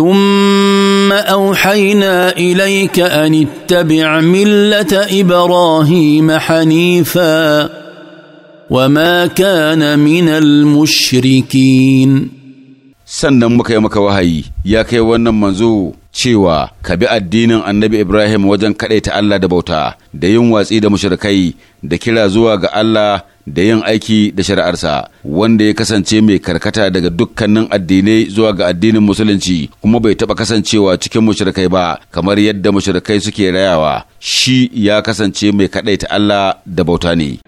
ثم اوحينا اليك ان اتبع مله ابراهيم حنيفا وما كان من المشركين sannan مكه مكه وهي يا ya kai wannan cewa ka bi addinin annabi Ibrahim wajen kaɗaita Allah da bauta da yin watsi da mushrikai da kira zuwa ga Allah da yin aiki da shari'arsa wanda ya kasance mai karkata daga dukkanin addinai zuwa ga addinin musulunci kuma bai taɓa kasancewa cikin mushrikai ba kamar yadda mushrikai suke rayawa shi ya kasance mai kaɗaita Allah da bauta ne